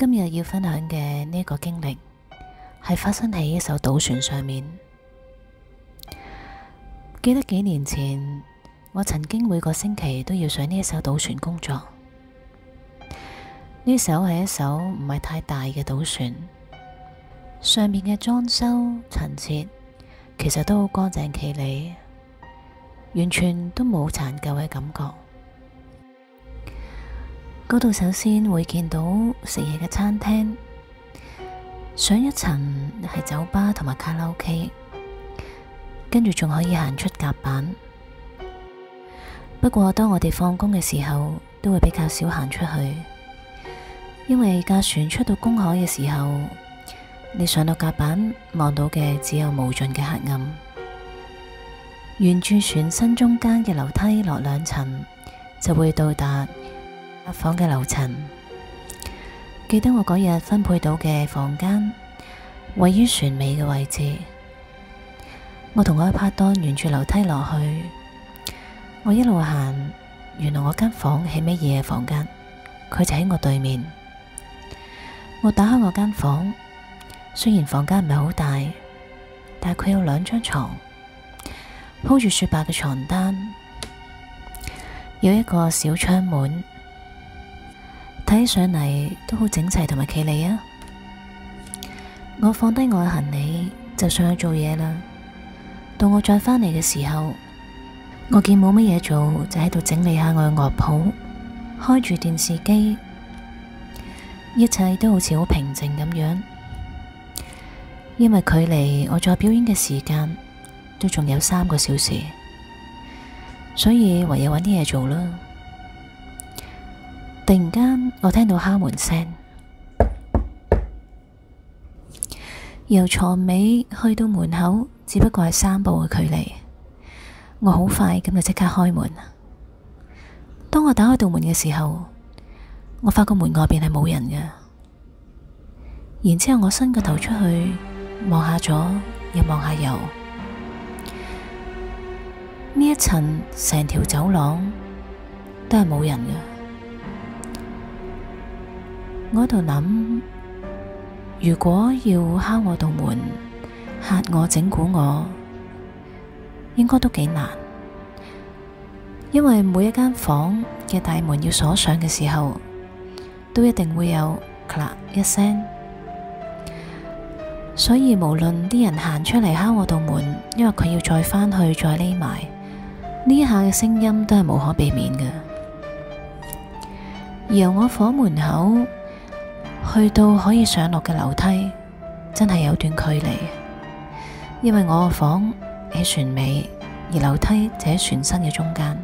今日要分享嘅呢一個經歷，係發生喺一艘賭船上面。記得幾年前，我曾經每個星期都要上呢一艘賭船工作。呢艘係一艘唔係太大嘅賭船，上面嘅裝修陳設其實都好乾淨企理，完全都冇殘舊嘅感覺。嗰度首先會見到食嘢嘅餐廳，上一層係酒吧同埋卡拉 OK，跟住仲可以行出甲板。不過當我哋放工嘅時候，都會比較少行出去，因為架船出到公海嘅時候，你上到甲板望到嘅只有無盡嘅黑暗。沿住船身中間嘅樓梯落兩層，就會到達。房嘅樓層，記得我嗰日分配到嘅房間位於船尾嘅位置。我同我嘅拍檔沿住樓梯落去，我一路行，原來我間房係乜嘢房間，佢就喺我對面。我打開我間房，雖然房間唔係好大，但係佢有兩張床，鋪住雪白嘅床單，有一個小窗門。睇上嚟都好整齊同埋企理啊！我放低我嘅行李就上去做嘢啦。到我再返嚟嘅時候，我見冇乜嘢做，就喺度整理下我嘅樂譜，開住電視機，一切都好似好平靜咁樣。因為距離我再表演嘅時間都仲有三個小時，所以唯有搵啲嘢做啦。突然間，我聽到敲門聲，由床尾去到門口，只不過係三步嘅距離。我好快咁就即刻開門。當我打開道門嘅時候，我發覺門外邊係冇人嘅。然之後我伸個頭出去，望下左，又望下右，呢一層成條走廊都係冇人嘅。我喺度諗，如果要敲我道門、嚇我、整蠱我，應該都幾難，因為每一間房嘅大門要鎖上嘅時候，都一定會有咔啦一聲，所以無論啲人行出嚟，敲我道門，因為佢要再翻去再匿埋，呢下嘅聲音都係無可避免嘅。而由我房門口，去到可以上落嘅樓梯，真係有段距離。因為我個房喺船尾，而樓梯就喺船身嘅中間。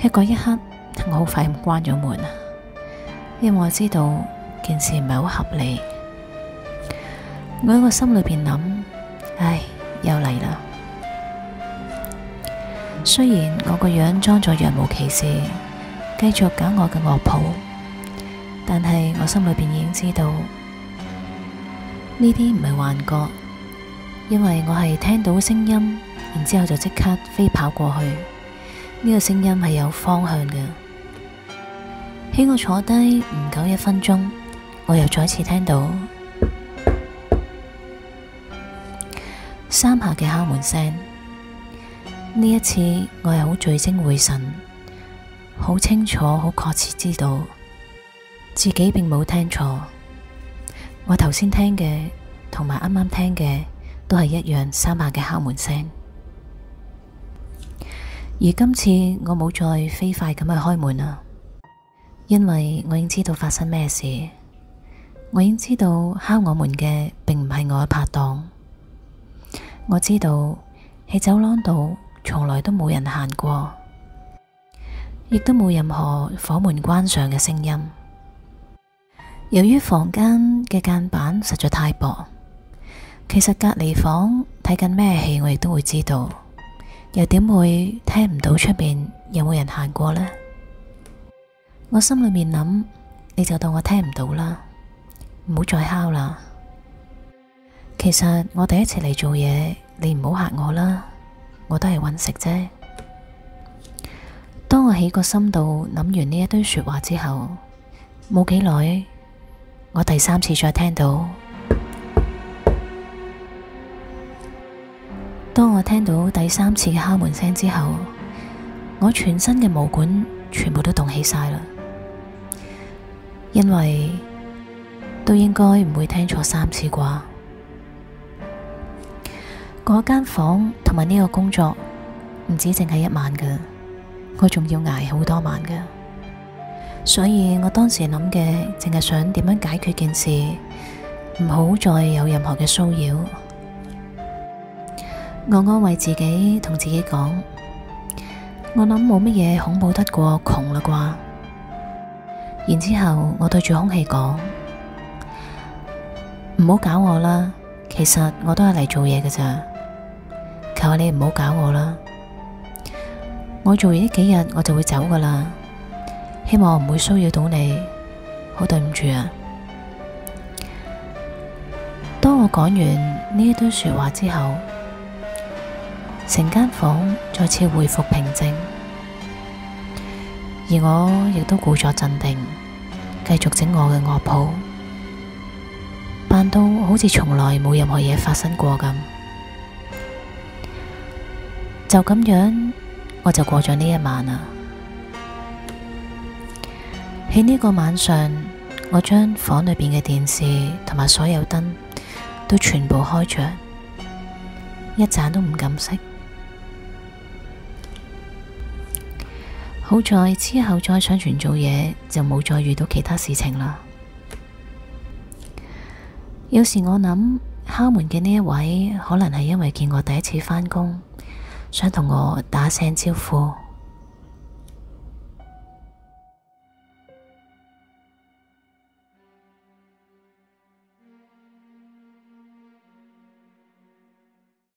喺嗰一刻，我好快咁關咗門啊！因為我知道件事唔係好合理。我喺我心裏邊諗：唉，又嚟啦！雖然我個樣裝作若無其事，繼續揀我嘅樂譜。但係我心裏邊已經知道呢啲唔係幻覺，因為我係聽到聲音，然之後就即刻飛跑過去。呢個聲音係有方向嘅。喺我坐低唔夠一分鐘，我又再次聽到三下嘅敲門聲。呢一次我係好聚精會神，好清楚，好確切知道，自己並冇聽錯，我頭先聽嘅同埋啱啱聽嘅都係一樣三下嘅敲門聲，而今次我冇再飛快咁去開門啦，因為我已經知道發生咩事，我已經知道敲我門嘅並唔係我嘅拍檔，我知道喺走廊度從來都冇人行過，亦都冇任何火門關上嘅聲音。由於房間嘅間板實在太薄，其實隔離房睇緊咩戲，戲我亦都會知道，又點會聽唔到出邊有冇人行過呢？我心裏面諗，你就當我聽唔到啦，唔好再敲啦。其實我第一次嚟做嘢，你唔好嚇我啦，我都係揾食啫。當我喺個心度諗完呢一堆說話之後，冇幾耐。我第三次再聽到，當我聽到第三次嘅敲門聲之後，我全身嘅毛管全部都凍起晒啦，因為都應該唔會聽錯三次啩。嗰間房同埋呢個工作唔止淨係一晚嘅，我仲要捱好多晚嘅。所以我當時諗嘅淨係想點樣解決件事，唔好再有任何嘅騷擾。我安慰自己，同自己講：我諗冇乜嘢恐怖得過窮嘞啩。然之後我對住空氣講：唔好搞我啦！其實我都係嚟做嘢嘅咋，求下你唔好搞我啦！我做完呢幾日，我就會走噶啦。希望我唔會騷擾到你，好對唔住啊！當我講完呢一堆說話之後，成間房再次恢復平靜，而我亦都故作鎮定，繼續整我嘅樂譜，扮到好似從來冇任何嘢發生過咁。就咁樣，我就過咗呢一晚啦。喺呢個晚上，我將房裏邊嘅電視同埋所有燈都全部開着，一盞都唔敢熄。好在之後再上船做嘢，就冇再遇到其他事情啦。有時我諗，敲門嘅呢一位，可能係因為見我第一次返工，想同我打聲招呼。